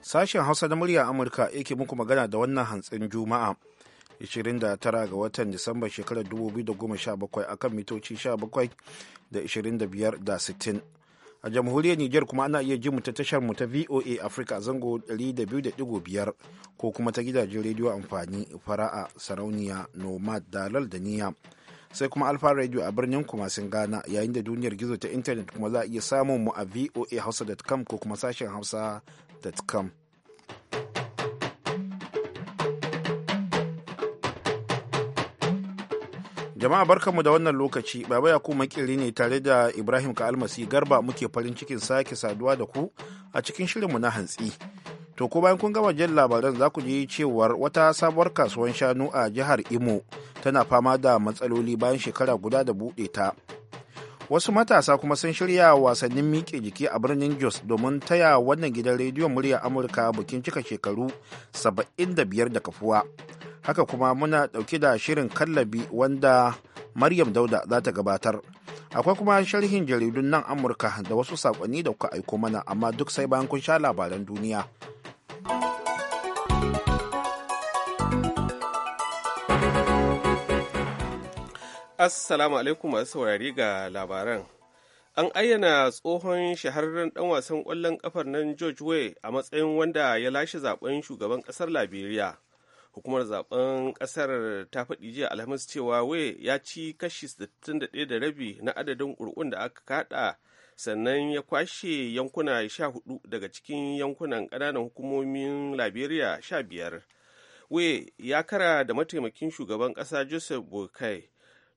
Sashen Hausa na murya Amurka yake muku magana da wannan hantsin Juma'a 29 ga watan Disamba shekarar 2017 akan mitoci 17 da 25 da 60. a jamhuriyar Nijar kuma ana iya jin ta tashar mu ta VOA Africa zango 200.5 ko kuma ta gidajen rediyo amfani fara'a sarauniya nomad dalal da niya sai kuma alfa radio a birnin kumasin ghana yayin da duniyar gizo ta intanet kuma za a iya samun mu a voahausa.com ko kuma sashen hausa.com jama'a barkanmu da wannan lokaci baba ya kuma makiri ne tare da ibrahim ka almasi garba muke farin cikin sake saduwa da ku a cikin shirinmu na hantsi to ko bayan kun gama jin labaran za ku ji cewar wata sabuwar kasuwan shanu a jihar imo tana fama da matsaloli bayan shekara guda da buɗe ta wasu matasa kuma sun shirya wasannin miƙe jiki a birnin jos domin taya wannan gidan rediyon murya amurka bikin cika shekaru 75 da kafuwa haka kuma muna ɗauke da shirin kallabi wanda maryam dauda za ta gabatar akwai kuma sharhin jaridun nan amurka da wasu saƙonni da kuka aiko mana amma duk sai bayan kun sha labaran duniya Assalamu alaikum masu saurari ga labaran. An ayyana tsohon shahararren ɗan wasan ƙwallon ƙafar nan George Way a matsayin wanda ya lashe zaben shugaban ƙasar Liberia. Hukumar zaben ƙasar ta faɗi jiya Alhamis cewa Way ya ci kashi 61 da rabi na adadin ƙuri'un da aka kaɗa sannan ya kwashe yankuna sha hudu daga cikin yankunan ƙananan hukumomin liberia biyar we ya kara da mataimakin shugaban ƙasa joseph bokai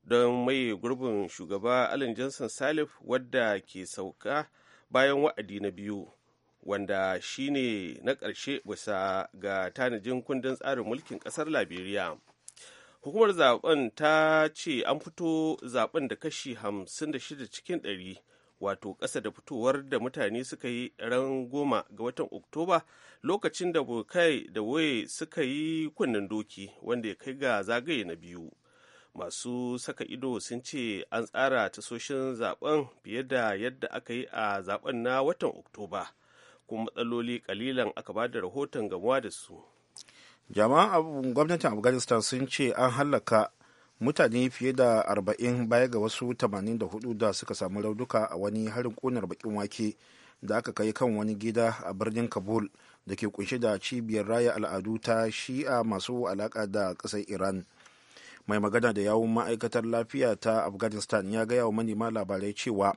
don mai gurbin shugaba allen johnson salif wadda ke sauka bayan wa'adi na biyu wanda shine na ƙarshe bisa ga tanajin kundin tsarin mulkin ƙasar liberia hukumar zaben ta ce an fito zaben da kashi 56 cikin ɗari. wato ƙasa da fitowar da mutane suka yi ran goma ga watan oktoba lokacin da bukai da waye suka yi kunnen doki wanda ya kai ga zagaye na biyu masu saka ido sun ce an tsara tasoshin zaben fiye da yadda aka yi a zaben na watan oktoba kuma matsaloli kalilan aka ba da rahoton gamuwa da su jama'an gwamnatin afghanistan sun ce an hallaka mutane fiye da arba'in baya ga wasu 84 da suka samu rauduka a wani harin ƙonar bakin wake da aka kai kan wani gida a birnin kabul da ke kunshe da cibiyar raya al'adu ta shi'a masu alaka da ƙasar iran mai magana da yawun ma'aikatar lafiya ta afghanistan ya gaya wa manema labarai cewa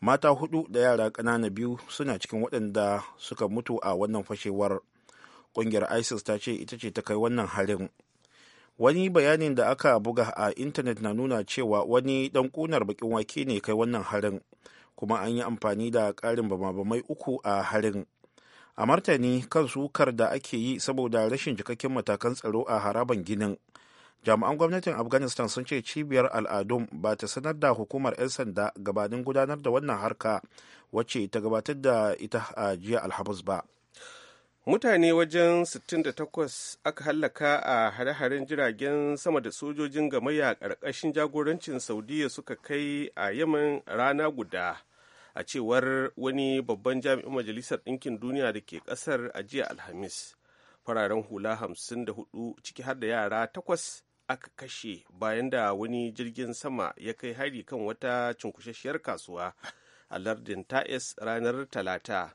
mata hudu da yara ƙanana biyu suna cikin waɗanda suka mutu a wannan fashewar ƙungiyar isis ta ce ita ce ta kai wannan harin wani bayanin da aka buga a intanet na nuna cewa wani dan kunar bakin wake ne kai wannan harin kuma an yi amfani da karin bamai uku a harin a martani kan sukar da ake yi saboda rashin jikakken matakan tsaro a haraban ginin jami'an gwamnatin afghanistan sun ce cibiyar al'adun ba ta sanar da hukumar 'yan sanda gabanin gudanar da wannan harka wacce ta gabatar da ita a jiya alhamis ba mutane wajen 68 aka hallaka a hare-haren jiragen sama da sojojin gamayya ƙarƙashin jagorancin saudiya suka kai a yaman rana guda a cewar wani babban jami'in majalisar ɗinkin duniya da ke ƙasar a jiya alhamis fararen hula 54 ciki har da yara takwas aka kashe bayan da wani jirgin sama ya kai hari kan wata cunkushasshiyar kasuwa a lardin ta'is ranar talata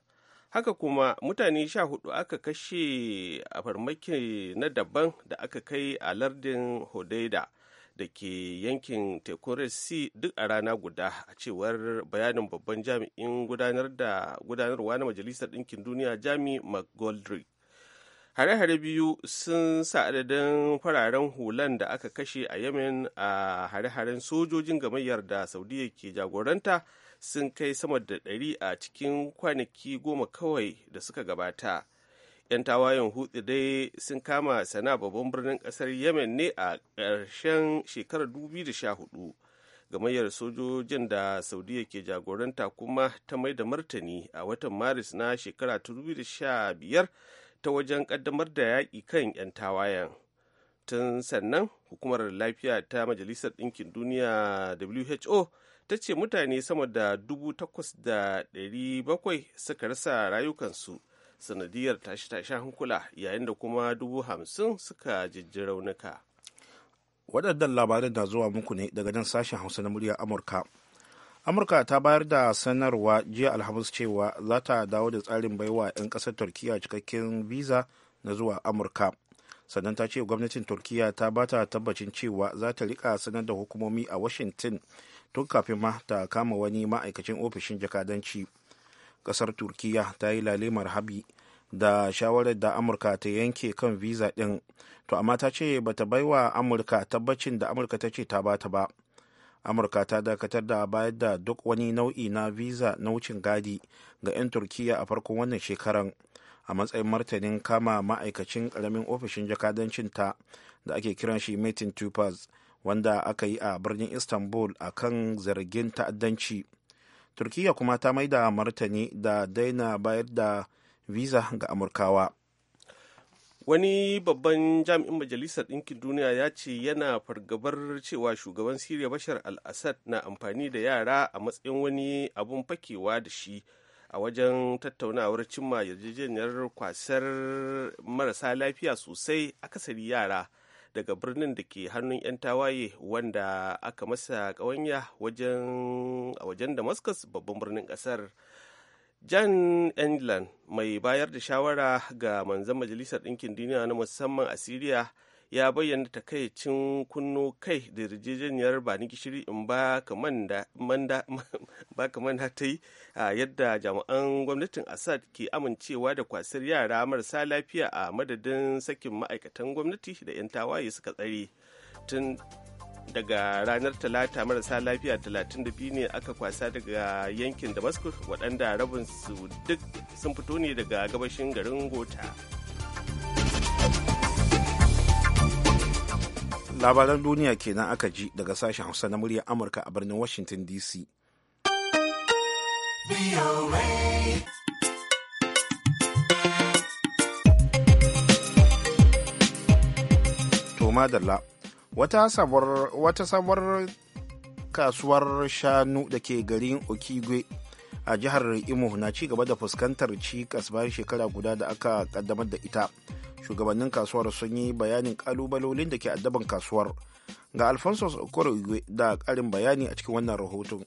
haka kuma mutane sha hudu aka kashe a farmaki na daban da aka kai a lardin hodeida da ke yankin tekun red duk a rana guda a cewar bayanin babban jami'in gudanar da gudanarwa na majalisar ɗinkin duniya jami mcgoldrick hare-hare biyu sun sa adadin fararen hulan da aka kashe a yemen a hare-haren sojojin gamayyar da saudiya ke jagoranta sun kai sama da ɗari a cikin kwanaki goma kawai da suka gabata 'yan tawayen hutu dai sun kama sana babban birnin ƙasar yemen ne a ƙarshen shekarar 2014 gamayyar sojojin da saudiya ke jagoranta kuma ta mai da martani a watan maris na shekara 2015 ta wajen ƙaddamar da yaƙi kan 'yan tawayen tun sannan hukumar lafiya ta majalisar ɗinkin duniya who ta ce mutane sama da dubu da 8,700 suka rasa rayukansu sanadiyar tashe-tashen hankula yayin da kuma 50,000 suka jijji raunuka. waɗannan labarin da zuwa muku ne daga nan sashen hausa na muryar amurka amurka ta bayar da sanarwa jiya alhamis cewa za ta dawo da tsarin baiwa 'yan ƙasar turkiyya cikakken visa na zuwa amurka sannan ta ce gwamnatin turkiyya ta ba ta tabbacin cewa za ta rika sanar da hukumomi a washington tun kafin ma ta kama wani ma'aikacin ofishin jakadanci kasar turkiya ta yi lalimar habi da shawarar da amurka ta yanke kan visa ɗin to amma ta ce bata baiwa amurka tabbacin da amurka ta ce ta bata ba amurka ta dakatar da bayar da duk wani nau'i na visa na wucin gadi ga 'yan turkiya a farkon wannan shekaran a matsayin martanin kama ma'aikacin karamin ofishin jakadancin ta da ake kiran shi metin tupers. wanda aka yi a birnin istanbul a kan zargin ta'addanci turkiya kuma ta maida martani da daina bayar da visa ga amurkawa wani babban jami'in majalisar ɗinkin duniya ya ce yana fargabar cewa shugaban siriya bashar al-assad na amfani da yara a matsayin wani abun fakewa da shi a wajen tattaunawar cimma yarjejeniyar kwasar marasa lafiya sosai akasari yara daga birnin da ke hannun 'yan tawaye wanda aka masa ƙawanya a wajen damascus babban birnin ƙasar jan england mai bayar da shawara ga manzan majalisar ɗinkin duniya na musamman a syria ya bayyana takaicin kunno kai da yarjejeniyar bani gishiri in ba ka manda ta yi yadda jami'an gwamnatin assad ke amincewa da kwasar yara marasa lafiya a madadin sakin ma'aikatan gwamnati da 'yan tawaye suka tsare tun daga ranar talata marasa lafiya 32 ne aka kwasa daga yankin damascus waɗanda rabin su duk sun fito ne daga gabashin garin gota. labaran duniya kenan aka ji daga sashen hausa na muryar amurka a birnin washington dc madalla wata sabuwar kasuwar shanu da ke garin okigwe a jihar imo na ci gaba da fuskantar cikas bayan shekara guda da aka kaddamar da ita shugabannin kasuwar sun yi bayanin kalubalolin da ke addaban kasuwar ga alfonso okoro da karin bayani a cikin wannan rahoton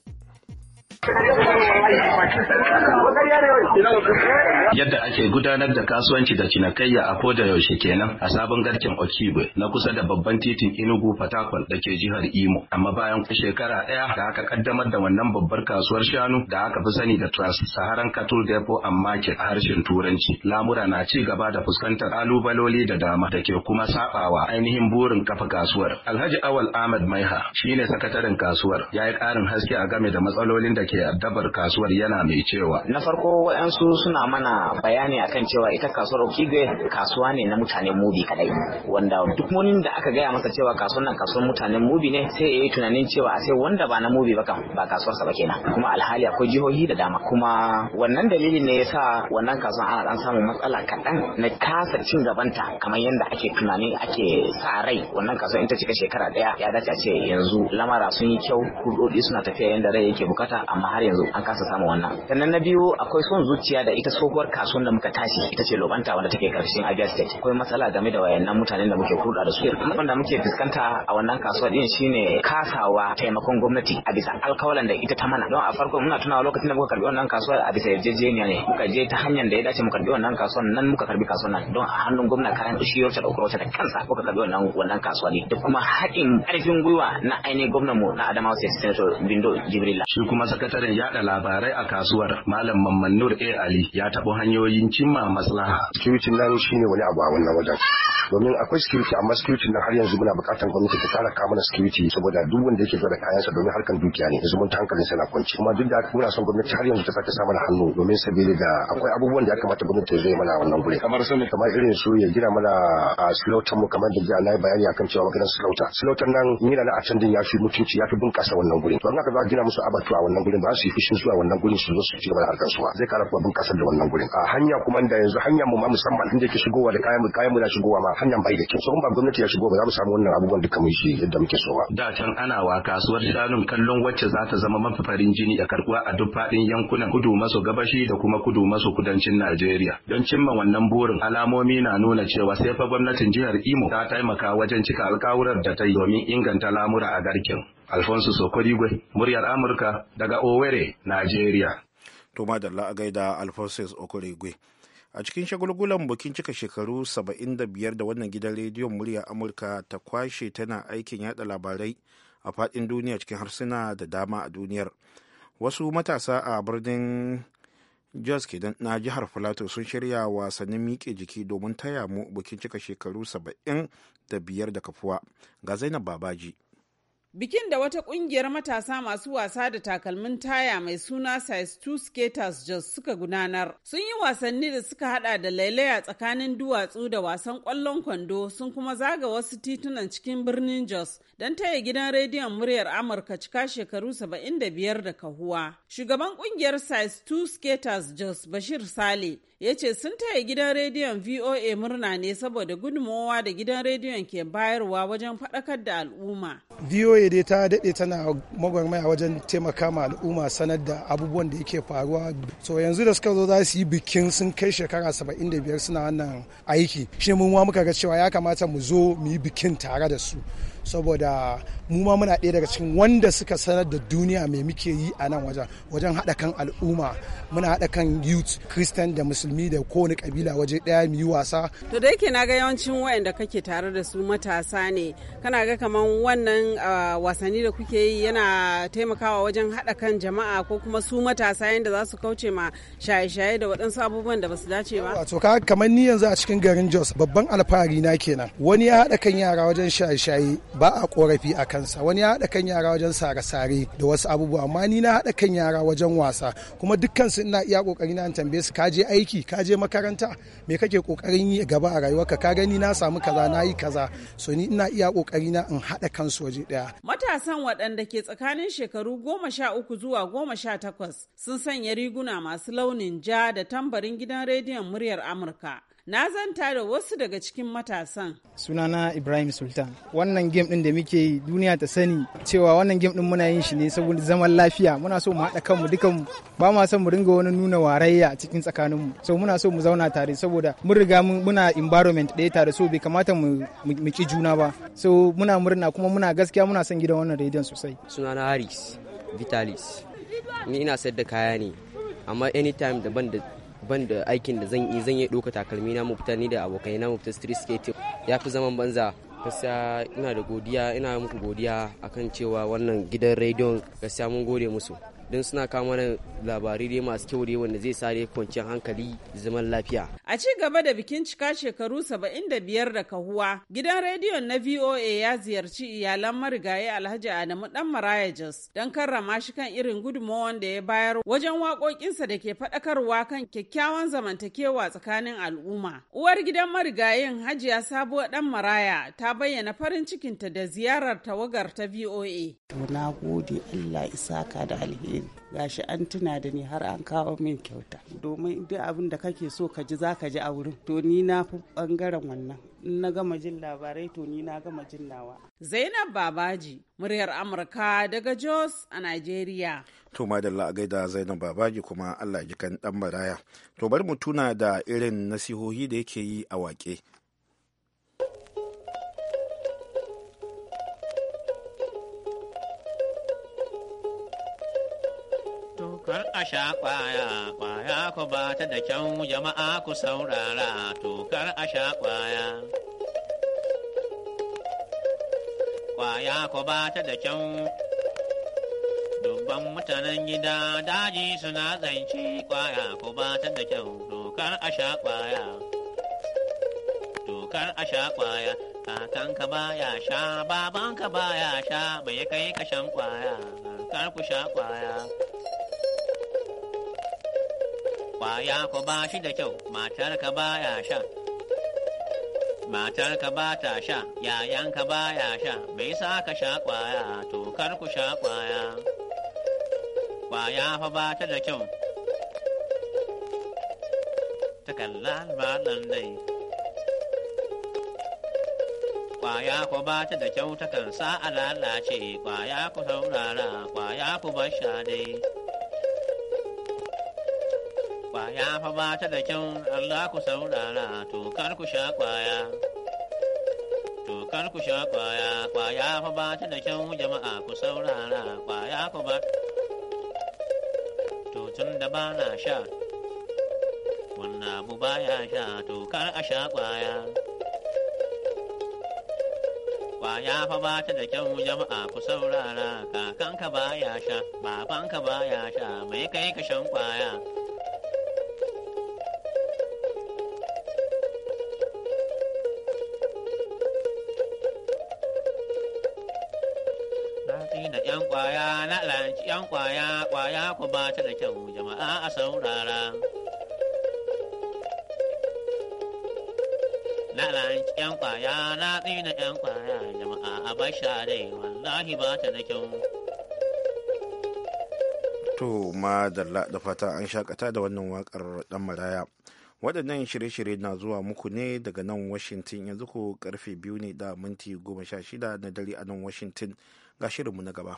Yadda ake gudanar da kasuwanci da cinikayya a koda yaushe kenan a sabon garken Okibe na kusa da babban titin inugu Fatakwal da ke jihar Imo. Amma bayan shekara ɗaya da aka kaddamar da wannan babbar kasuwar shanu da aka fi sani da Trans Saharan Cattle Depot and Market a harshen Turanci. Lamura na ci gaba da fuskantar kalubaloli da dama da ke kuma sabawa ainihin burin kafa kasuwar. Alhaji Awal Ahmad Maiha shine sakataren kasuwar ya yi ƙarin haske a game da matsalolin da ke ke addabar kasuwar yana mai cewa. Na farko waɗansu suna mana bayani akan cewa ita kasuwar Okigwe kasuwa ne na mutanen mubi kadai wanda duk wani da aka gaya masa cewa kasuwar nan kasuwar mutanen mubi ne sai ya tunanin cewa sai wanda ba na mubi ba kan ba kasuwarsa ba kenan kuma alhali akwai jihohi da dama kuma wannan dalilin ne ya sa wannan kasuwar ana dan samun matsala kaɗan na kasa cin gabanta kamar yadda ake tunani ake sa rai wannan kasuwar in ta cika shekara ɗaya ya dace a ce yanzu lamara sun yi kyau kurɗoɗi suna tafiya yadda rai yake bukata amma har yanzu an kasa samun wannan sannan na biyu akwai son zuciya da ita tsohuwar kasuwan da muka tashi ita ce lobanta wanda take karshen abia state akwai matsala game da wayannan mutanen da muke kurda da su wanda muke fuskanta a wannan kasuwa din shine kasawa taimakon gwamnati a bisa alkawalan da ita ta mana don a farko muna tunawa lokacin da muka karbi wannan kasuwa a bisa yarjejeniya ne muka je ta hanyar da ya dace mu karbi wannan kasuwan nan muka karbi kasuwan nan don a hannun gwamna kayan shi yau da ukuro da kansa muka karbi wannan wannan kasuwa ne da kuma haɗin ƙarfin gwiwa na ainihin gwamnan mu na Adamawa State Senator Bindo Jibrila shi kuma saka sakataren yada labarai a kasuwar Malam Mamman Nur A Ali ya taɓo hanyoyin cimma maslaha. cikin nan shine wani abu a wannan wajen. domin akwai security amma security na har yanzu muna buƙatar gwamnati ta kara kama security saboda duk wanda yake zuwa da kayan sa domin harkan dukiya ne yanzu mun ta hankalin sa na kwanci kuma duk da muna son gwamnati har yanzu ta sake sa mana hannu domin sabili da akwai abubuwan da ya kamata gwamnati ta zai mana wannan gure kamar sun kamar irin su ya gina mana a silautar mu kamar da jiya na bayani akan cewa maganar slotan slotan nan yana na a can din ya fi mutunci ya fi bunkasa wannan gurin to an haka za a gina musu abatu a wannan gurin ba su yi fushin zuwa wannan gurin su zo su ci gaba da harkar suwa zai kara kuma bunƙasar da wannan gurin a hanya kuma da yanzu hanya mu ma musamman inda ke shigowa da kayan mu kayan mu na shigowa ma hanyar bai da kyau so ba gwamnati ya shigo ba za mu samu wannan abubuwan duka mun shi yadda muke so ba da can ana wa kasuwar shanun kallon wacce za ta zama mafafarin jini a karkuwa a duk faɗin yankunan kudu maso gabashi da kuma kudu maso kudancin Najeriya don cimma wannan burin alamomi na nuna cewa sai fa gwamnatin jihar Imo ta taimaka wajen cika alkawurar da ta yi domin inganta lamura a garkin Alfonso Sokorigwe, muryar Amurka daga Owerri, Najeriya. To madalla a gaida Alphonsus Okorigwe. a cikin shagulgulan bukin cika shekaru 75 da wannan gidan rediyon murya amurka ta kwashe tana aikin yada labarai a fadin duniya cikin harsuna da dama a duniyar wasu matasa a birnin jos kidan na jihar filato sun shirya wasannin miƙe jiki domin taya mu bukin cika shekaru 75 da kafuwa ga zainab babaji Bikin da wata kungiyar matasa masu wasa da takalmin taya mai suna Size 2 Skaters Jos suka gudanar. Sun yi wasanni da suka hada da lailaya tsakanin duwatsu da wasan kwallon kwando sun kuma zaga wasu titunan cikin birnin Jos don taya gidan rediyon muryar Amurka cika shekaru 75 da kahuwa. Shugaban kungiyar Size 2 Skaters Jos Bashir Sale ya ce sun taya gidan rediyon voa murna ne saboda gudunmowa da gidan rediyon ke bayarwa wajen faɗakar da al'umma voa dai ta daɗe tana magwarmaya wajen taimaka ma al'umma sanar da abubuwan da yake faruwa so yanzu da suka zo za su yi bikin sun kai shekara saba'in da biyar suna wannan aiki shi mun muka ga cewa ya kamata mu zo mu yi bikin tare da su saboda mu ma muna ɗaya daga cikin wanda suka sanar da duniya mai muke yi a nan wajen wajen haɗa kan al'umma muna haɗa kan youth christian da musulmi da kowane kabila waje ɗaya mu yi wasa to da yake na ga yawancin wayanda kake tare da su matasa ne kana ga kaman wannan wasanni da kuke yi yana taimakawa wajen haɗa kan jama'a ko kuma su matasa yadda za su kauce ma shaye-shaye da waɗansu abubuwan da ba su dace ba to ka kamar ni yanzu a cikin garin Jos babban alfahari na kenan wani ya haɗa kan yara wajen shaye-shaye ba a korafi a kansa wani ya haɗa kan yara wajen sare-sare da wasu abubuwa amma ni na haɗa kan yara wajen wasa kuma dukkan su ina iya kokari na tambaye su kaje aiki kaje makaranta me kake kokarin yi gaba a rayuwarka ka gani na samu kaza na yi kaza so ni ina iya kokari na in haɗa kansu waje ɗaya. matasan waɗanda ke tsakanin shekaru goma sha uku zuwa goma sha takwas sun sanya riguna masu launin ja da tambarin gidan rediyon muryar amurka na zanta da wasu daga cikin matasan. Sunana Ibrahim Sultan. Wannan game din da muke duniya ta sani cewa wannan game din muna yin shi ne saboda zaman lafiya. Muna so mu haɗa kanmu dukanmu ba ma son mu ringa wani nuna warayya cikin tsakaninmu. So muna so mu zauna tare saboda mun riga muna environment ɗaya tare so bai kamata mu mu ki juna ba. So muna murna kuma muna gaskiya muna son gidan wannan rediyon sosai. Sunana Haris Vitalis. Ni ina sayar da kaya ne amma anytime daban da ban da aikin da zan yi zan yi ɗauka takalmi na mafita ni da abokai na mafita fita street skating ya fi zaman banza gaskiya ina da godiya ina muku godiya akan cewa wannan gidan rediyon gaskiya mun gode musu don suna kama da labarai dai masu kyau dai wanda zai sa dai kwanciyar hankali zaman lafiya. A ci gaba da bikin cika shekaru 75 da kahuwa, gidan rediyon na VOA ya ziyarci iyalan marigayi Alhaji Adamu Dan Maraya Jos don karrama shi kan irin gudunmawar da ya bayar wajen waƙoƙinsa da ke faɗakarwa kan kyakkyawan zamantakewa tsakanin al'umma. Uwar gidan marigayin Hajiya Sabuwar Dan Maraya ta bayyana farin cikinta da ziyarar tawagar ta VOA. To na gode Allah da alheri. gashi an tuna da ni har an kawo min kyauta domin duk abin da kake so ka ji zaka ji a wurin to ni na fi bangaren wannan in na gama jin labarai to ni na gama jin nawa Zainab Babaji muryar Amurka daga Jos a Najeriya to madalla a gaida Zainab Babaji kuma Allah ji kan dan baraya to bari mu tuna da irin nasihohi da yake yi a waƙe. kar a sha kwaya kwaya ku ba ta da kyau jama'a ku saurara to kar a sha kwaya kwaya ku ba ta da kyau dubban mutanen gida daji suna zance kwaya ku ba ta da kyau dokar a sha kwaya dokar a sha kwaya kakanka ba ya sha babanka ba ya sha bai kai kashan kwaya kar ku sha kwaya Kwaya ku ba shi da kyau, matar ka ba ya sha. Matar ka ba ta sha, yayan ka ba ya sha, bai sa ka sha kwaya, to kar ku sha kwaya. Kwaya fa ba ta da kyau. Ta kalla malam dai. kwaya ku ba ta da kyau takan sa a lalace kwaya ku saurara kwaya ku sha dai. kwaya fa ba ta da kyau Allah ku saurara to kar ku sha kwaya. To kar ku sha kwaya kwaya fa ba ta da kyau jama'a ku saurara kwaya ku ba. To tun da ba na sha wannan abu ya sha to kar a sha kwaya. kwaya fa ba ta da kyau jama'a ku saurara kakanka ya sha babanka ya sha mai kai ka shan kwaya 'yan kwaya kwaya ku ba ta da kyau jama'a a saurara. na Lalace 'yan kwaya na tsina 'yan kwaya jama'a a basha dai wallahi ba ta da kyau. To madalla da fata an shakata da wannan wakar dan maraya. waɗannan shirye-shirye na zuwa muku ne daga nan washington yanzu ko karfe biyu ne da minti goma sha shida na dare a nan washington ga shirinmu na gaba.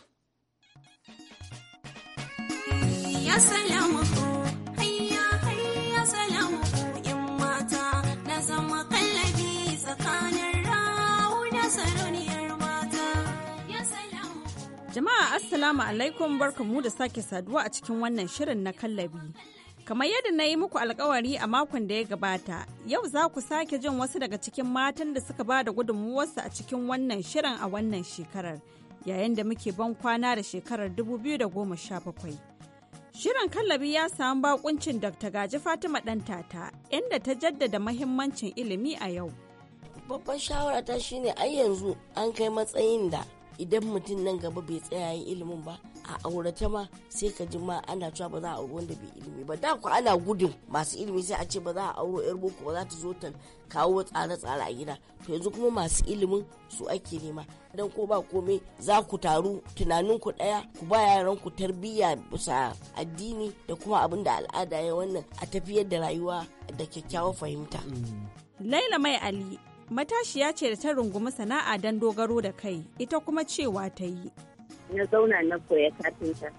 Jama'a Assalamu alaikum barkamu da sake saduwa a cikin wannan shirin na kallabi. Kamar yadda na yi muku alkawari a makon da ya gabata, yau za ku sake jin wasu daga cikin matan da suka ba da gudunmuwarsu a cikin wannan shirin a wannan shekarar, yayin da muke ban kwana da shekarar 2017. Shirin kallabi ya samu bakuncin Dr. Gaji Fatima tata inda ta jaddada mahimmancin ilimi a yau. Babban shawara ta shine ai yanzu an kai matsayin da idan mutum nan gaba bai tsaya yin ilimin ba a aurata ma sai ka ji ma ana cewa ba za a auri wanda bai ilimi ba da ku ana gudun masu ilimi sai a ce ba za a auro yar boko ba za ta zo ta kawo tsare-tsare a gida to yanzu kuma masu ilimin su ake nema dan ko ba komai za ku taru tunanin ku daya ku ba yaran ku tarbiyya bisa addini da kuma abin da al'ada ya wannan a tafiyar da rayuwa da kyakkyawar fahimta mm. Laila Mai Ali matashiya ce da ta rungumi sana'a don dogaro da kai ita kuma cewa ta yi na zauna na koya kafinta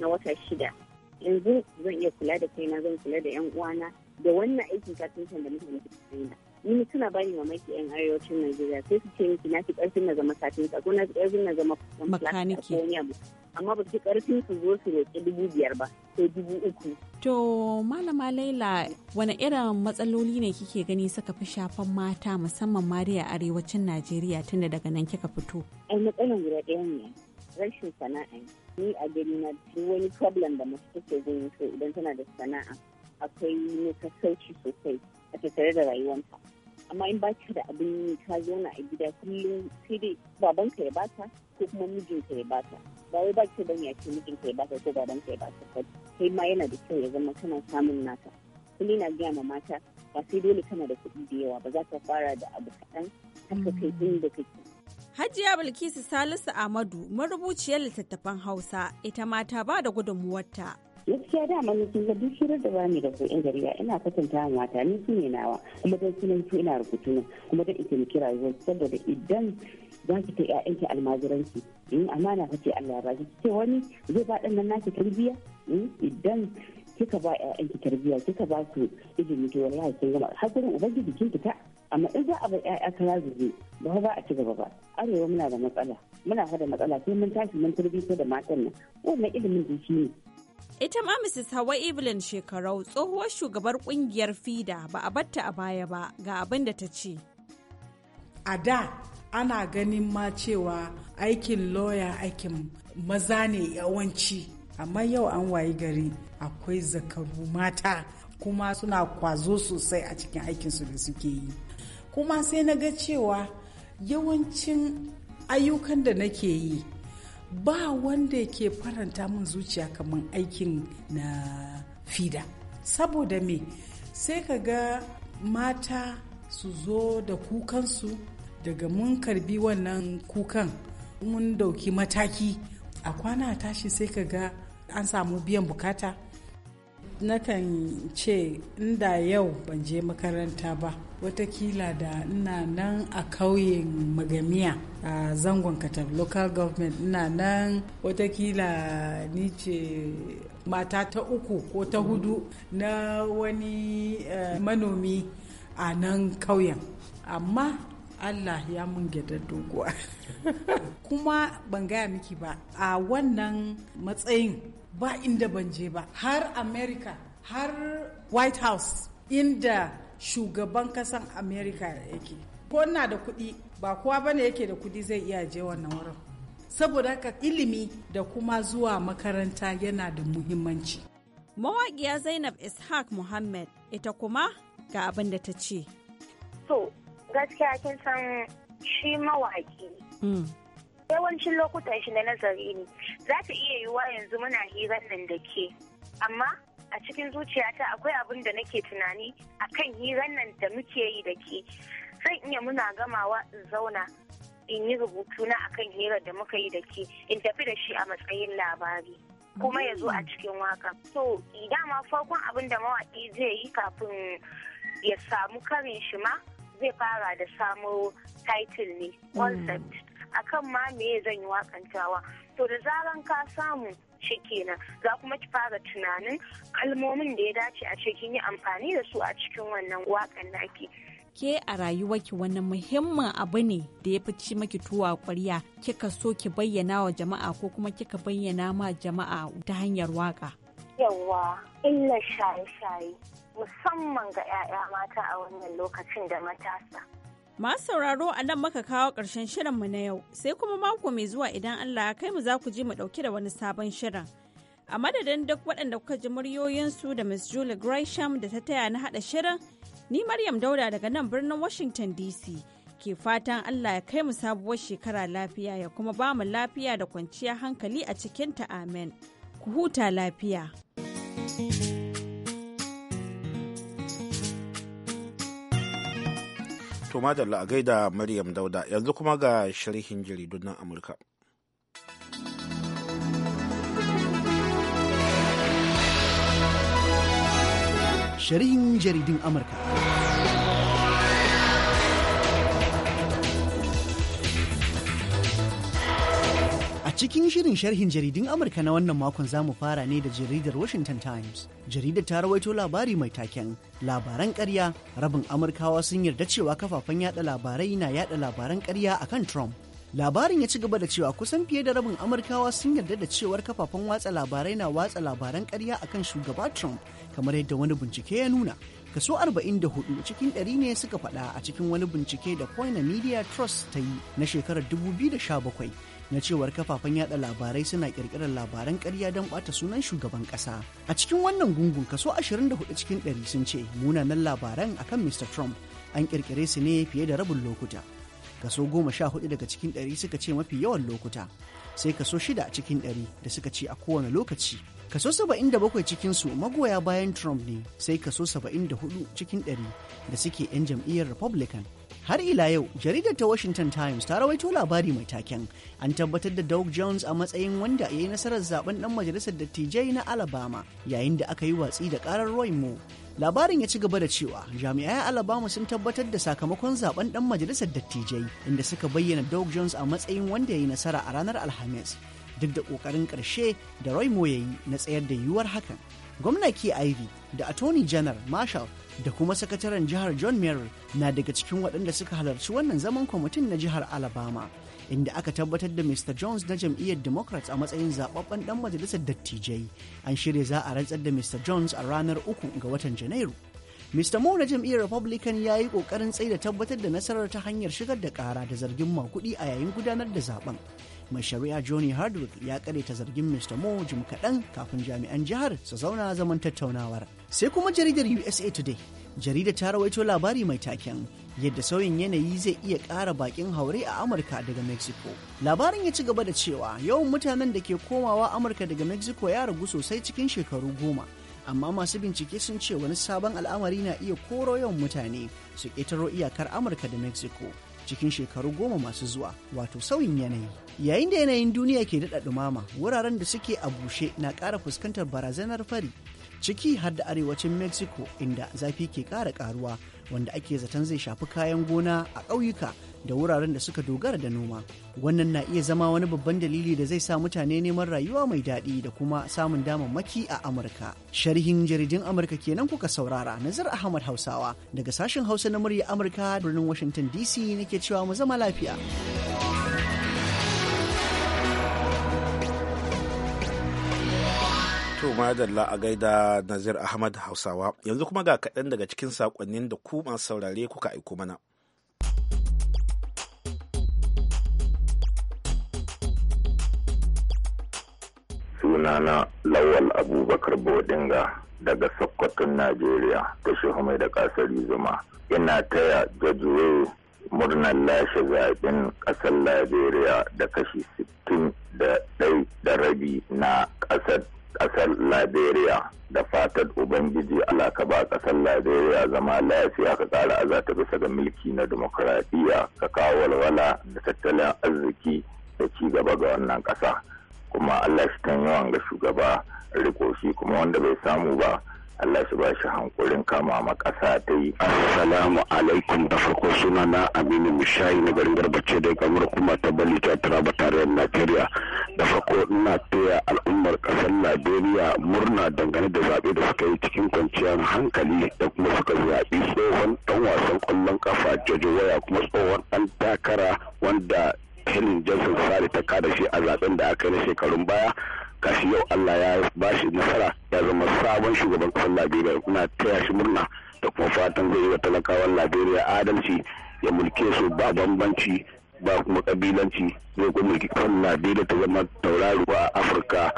na wata shida yanzu zan iya kula da kaina zan kula da yan uwana da wannan aikin kafinta da muke yi ni suna bani mamaki yan arewacin Najeriya sai su ce miki na fi karfin na zama satin ko na fi karfin na zama makaniki amma ba su karfin su zo su roƙi dubu biyar ba sai dubu uku. To malama Laila wani irin matsaloli ne kike gani suka fi shafan mata musamman mariya arewacin Najeriya tunda daga nan kika fito? Ai matsalan guda ɗaya ne rashin sana'a ni a gani na duk wani problem da masu kake gani so idan tana da sana'a akwai nukasauci sosai. a tattare da rayuwanka amma in baki da abin yi ka zauna a gida kullum sai dai babanka ya bata ko kuma mijinka ya bata ba wai ba da ya ce mijinka ya bata ko babanka ya bata ba kai ma yana da kyau ya zama kana samun naka kullum na gaya ma mata ba sai dole kana da kuɗi da yawa ba za ka fara da abu kaɗan haka kai inda kake Hajiya Bilkisu Salisu Ahmadu marubuciyar littattafan Hausa ita mata ta ba da gudunmuwarta gaskiya dama ni sun da duk shirar da bani da ko in ya ina kwatanta mata ni su ne nawa kuma dan sunan su ina rubutu ne kuma don ita kira wasu saboda idan za ki ta ƴaƴanki almajiranki in amana kace Allah ba ki ce wani zai ba dan nan naki tarbiya hmm? idan kika ba ƴaƴanki tarbiya kika ba su ilimi to wallahi kin gama hakurin ubangiji kin fita amma in za a bar ƴaƴa kana zube ba ba a ci gaba ba arewa muna da matsala muna fa da matsala sai mun tashi mun tarbiyya da matan nan wannan ilimin da shi ne Ita ma Mrs. Hawa Evelyn shekarau tsohuwar shugabar kungiyar FIDA ba a batta a baya ba ga abin da ta ce. A da ana ganin ma cewa aikin lawyer aikin maza ne yawanci, amma yau an wayi gari akwai zakaru mata kuma suna kwazo sosai a cikin aikinsu da suke yi. Kuma sai na ga cewa yawancin ayyukan da nake yi ba wanda ke faranta min zuciya kamar aikin na fida saboda me sai ka ga mata su zo da kukansu daga mun karbi wannan kukan mun dauki mataki a kwana tashi sai ka ga an samu biyan bukata nakan ce inda yau ban je makaranta ba watakila da ina nan a kauyen magamiya a zangon katar local government ina nan watakila ni ce mata ta uku ko ta hudu na wani eh, manomi a nan kauyen amma allah ya mun gyadar doguwa kuma ban gaya miki ba a wannan matsayin ba inda ban je ba har america har white house inda shugaban kasan america yake ko na da kuɗi ba kowa ne yake da kuɗi zai iya je wannan wurin saboda haka ilimi da kuma zuwa makaranta yana da muhimmanci mawaƙiya zainab ishaq muhammad ita kuma ga abin da ta ce so gaskiya kin san shi mawaƙi hmm. yawancin lokutan shi na nazari ne za ta iya yiwuwa yanzu muna hirar nan da ke amma a cikin zuciyata akwai abin da nake tunani akan hirar nan da muke yi da ke zan iya muna gamawa in zauna in yi rubutu na akan hirar da muka yi da ke in tafi da shi a matsayin labari kuma ya zo a mm. cikin waka so dama farkon abin da mawaƙi zai yi kafin ya samu karin shi ma zai fara da samo title ne mm. concept akan ma me zan yi wakantawa to da zaran ka samu shi kenan za kuma ki fara tunanin kalmomin da ya dace a cikin yi amfani da su a cikin wannan wakan naki ke a rayuwarki wani muhimmin abu ne da ya fi ci maki tuwa kwarya kika so ki bayyana wa jama'a ko kuma kika bayyana ma jama'a ta hanyar waka yawa illa shaye-shaye musamman ga 'ya'ya mata a wannan lokacin da matasa Masu sauraro a nan maka kawo ƙarshen mu na yau, sai kuma mako mai zuwa idan Allah ya kai mu za ku ji mu ɗauki da wani sabon shirin. A madadin duk waɗanda kuka ji muryoyinsu da Miss Julie Gresham da ta taya na haɗa shirin, ni Maryam Dauda daga nan birnin Washington DC. ke fatan Allah ya kai mu sabuwar shekara lafiya ya kuma ba mu lafiya da kwanciyar hankali a cikinta amen. Ku huta lafiya. To madalla a gaida Maryam Dauda yanzu kuma ga sharhin jaridun nan Amurka. Sharhin jaridun Amurka. cikin shirin sharhin jaridun Amurka na wannan makon za mu fara ne da jaridar Washington Times. Jaridar ta rawaito labari mai taken labaran Karya rabin Amurkawa sun yarda cewa kafafen yada labarai na yada labaran karya akan Trump. labarin ya ci gaba da cewa kusan fiye da rabin amurkawa sun yarda da cewar kafafen watsa labarai na watsa labaran karya akan shugaba trump kamar yadda wani bincike ya nuna kaso 44 cikin 100 ne suka faɗa a cikin wani bincike da point Media Trust ta yi na shekarar 2017 na cewar kafafen yada labarai suna kirkirar labaran karya don bata sunan shugaban ƙasa. A cikin wannan gungun kaso 24 cikin 100 sun ce munanan labaran akan Mr. Trump an kirkire su ne fiye da rabin lokuta. Kaso 14 daga cikin 100 suka ce mafi yawan lokuta. Sai kaso 6 cikin 100 da suka ce a kowane lokaci. Kaso 77 cikin su magoya bayan Trump ne sai kaso 74 cikin 100 da suke 'yan jam'iyyar Republican. har ila yau jaridar ta washington times ta rawaito labari mai taken an tabbatar da doug jones a matsayin wanda ya yi nasarar zaben dan majalisar dattijai na alabama yayin da aka yi watsi da karar roy moore labarin ya ci gaba da cewa jami'ai alabama sun tabbatar da sakamakon zaben dan majalisar dattijai inda suka bayyana doug jones a matsayin wanda ya yi nasara a ranar alhamis duk da ƙoƙarin ƙarshe da roy moore ya yi na tsayar da yiwuwar hakan gwamna ke ivy da attorney general marshall da kuma sakataren jihar john merrill na daga cikin waɗanda suka halarci wannan zaman kwamitin na jihar alabama inda aka tabbatar da mr jones na jam'iyyar democrats a matsayin zababben dan majalisar dattijai an shirya za a rantsar da mr jones a ranar uku ga watan janairu Mr. Moore na jam'iyyar Republican ya yi ƙoƙarin tsaida tabbatar da nasarar ta hanyar shigar da kara da zargin makuɗi a yayin gudanar da zaben. mai shari'a johnny hardwick ya ta zargin mr mo jim kaɗan kafin jami'an jihar su zauna zaman tattaunawar sai kuma jaridar usa today jaridar ta rawaito labari mai taken yadda sauyin yanayi zai iya ƙara bakin haure a amurka daga mexico labarin ya ci gaba da cewa yawan mutanen da ke komawa amurka daga mexico ya ragu sosai cikin shekaru goma amma masu bincike sun ce wani sabon al'amari na iya koro yawan mutane su ƙetaro iyakar amurka da mexico cikin shekaru goma masu zuwa wato sauyin yanayi yayin da yanayin duniya ke daɗa ɗumama wuraren da suke a bushe na ƙara fuskantar barazanar fari ciki har da arewacin mexico inda zafi ke ƙara ƙaruwa wanda ake zaton zai shafi kayan gona a ƙauyuka da wuraren da suka dogara da noma wannan na iya zama wani babban dalili da zai sa mutane neman rayuwa mai daɗi da kuma samun damammaki a amurka sharhin jaridun amurka kenan kuka saurara nazar ahmad hausawa daga sashen hausa na murya amurka birnin washington dc nake cewa mu zama lafiya To madalla a gaida Nazir Ahmad Hausawa yanzu kuma ga kaɗan daga cikin saƙonnin da ku masu saurare kuka aiko mana. Sunana Lawal Abubakar Bodinga daga sokoto Najeriya ta shehu mai da ƙasar zuma. Ina taya jajuwe murnar lashe zaɓen ƙasar Najeriya da kashi sittin da rabi na ƙasar ƙasar liberia da fatar ubangiji allah ka ba ƙasar liberia zama lafiya ka ƙara azata bisa ga mulki na demokaradiyya ka kawo walwala da tattalin arziki da ci gaba ga wannan ƙasa kuma allah shi yawan ga shugaba rikoshi kuma wanda bai samu ba Allah su ba shi hankulin kama ma ƙasa ta yi. Assalamu alaikum da farko suna na Aminu Mishayi na garin Garbace da kamar kuma ta Bali ta Taraba tarayyar Najeriya. Da farko ina taya al'ummar ƙasar Najeriya murna dangane da zaɓe da suka yi cikin kwanciyar hankali da kuma suka zaɓi tsohon ɗan wasan ƙwallon ƙafa Jojo Waya kuma tsohon ɗan takara wanda Helen Johnson Sari ta kada shi a zaɓen da aka yi na shekarun baya. kashi yau Allah ya bashi shi nasara ya zama sabon shugaban kasar Liberia kuna taya shi murna da kuma fatan zai yi wa talakawan Liberia adalci ya mulke su ba bambanci ba kuma kabilanci zai kuma mulki kasar Liberia ta zama tauraro a Afirka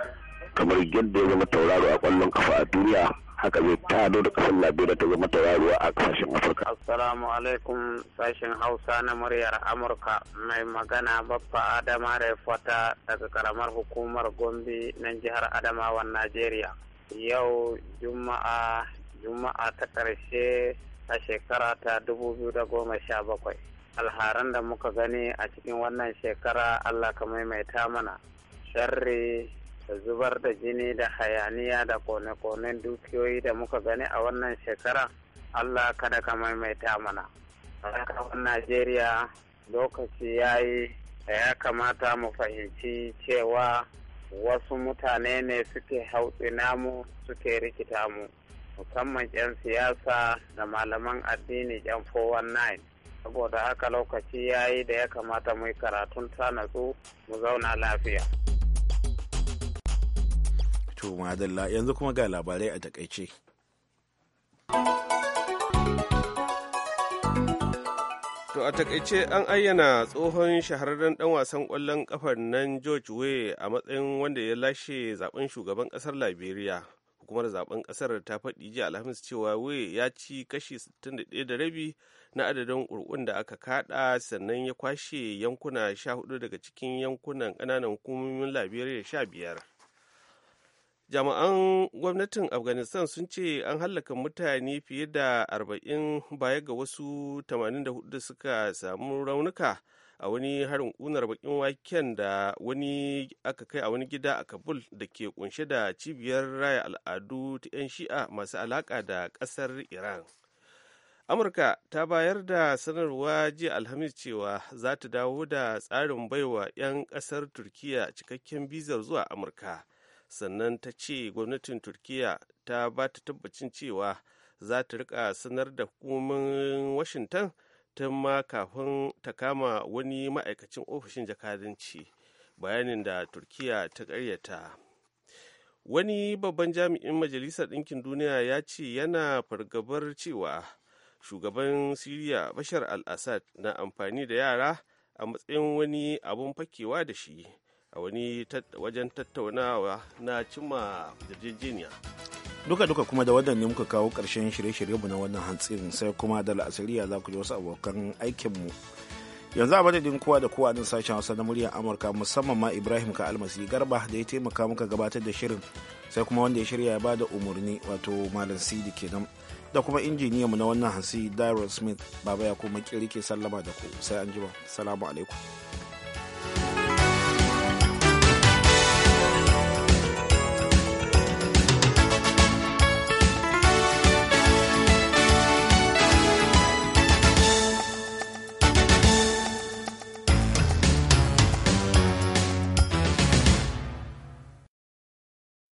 kamar yadda ya zama tauraro a kwallon kafa a duniya haka zai tado da kasar Liberia ta zama tauraruwa a kasashen Afirka. Assalamu alaikum sashen Hausa na muryar Amurka mai magana Baffa Adama Refata daga karamar hukumar Gombe na jihar adamawa Najeriya. Yau Juma'a Juma'a ta ƙarshe a shekara ta bakwai. alharan da muka gani a cikin wannan shekara Allah ka maimaita mana sharri da zubar da jini da hayaniya da kone-konen dukiyoyi da muka gani a wannan shekara allah kada ka maimaita mana harkar najeriya lokaci ya yi da ya kamata mu fahimci cewa wasu mutane ne suke hautsina mu suke rikita mu musamman 'yan siyasa da malaman addini 'yan 419 saboda haka lokaci ya yi da ya kamata mu yi karatun ta mu zauna lafiya. To madalla yanzu kuma ga labarai a takaice. To a takaice an ayyana tsohon shahararren dan wasan kwallon kafar nan George Weah a matsayin wanda ya lashe zaben shugaban kasar Liberia. Hukumar zaben kasar ta faɗi jiya Alhamis cewa Weah ya ci kashi 61 da rabi na adadin ƙurƙun da aka kaɗa, sannan ya kwashe yankuna 14 daga cikin yankunan ƙananan hukumomin Liberia 15. jami'an gwamnatin afghanistan sun ce an hallaka mutane fiye da 40 baya ga wasu 84 da suka samu raunuka a wani harin kunar bakin waken da wani aka kai a wani gida a kabul da ke kunshe da cibiyar raya al'adu ta 'yan shi'a masu alaka da kasar iran amurka ta bayar da sanarwa jiya alhamis cewa za ta dawo da tsarin baiwa 'yan kasar turkiya cikakken bizar zuwa amurka sannan ta ce gwamnatin turkiya ta ba ta tabbacin cewa za ta rika sanar da hukumomin washington tun ma kafin ta kama wani ma'aikacin ofishin jakadanci bayanin da turkiya ta karyata wani babban jami'in majalisar ɗinkin duniya ya ce yana fargabar cewa shugaban siriya bashar al-assad na amfani da yara a matsayin wani abun fakewa da shi a wani wajen tattaunawa na cimma yarjejeniya duka-duka kuma da wannan muka kawo ƙarshen shirye-shiryenmu na wannan hantsin sai kuma da la'asariya za ku ji wasu abokan aikinmu yanzu a madadin kowa da kowa din sashen hausa na muryar amurka musamman ma ibrahim ka almasi garba da ya taimaka muka gabatar da shirin sai kuma wanda ya shirya ya bada umarni wato malam sidi kenan da kuma mu na wannan hansi daryl smith baba ya kuma ke sallama da ku sai an jima salamu alaikum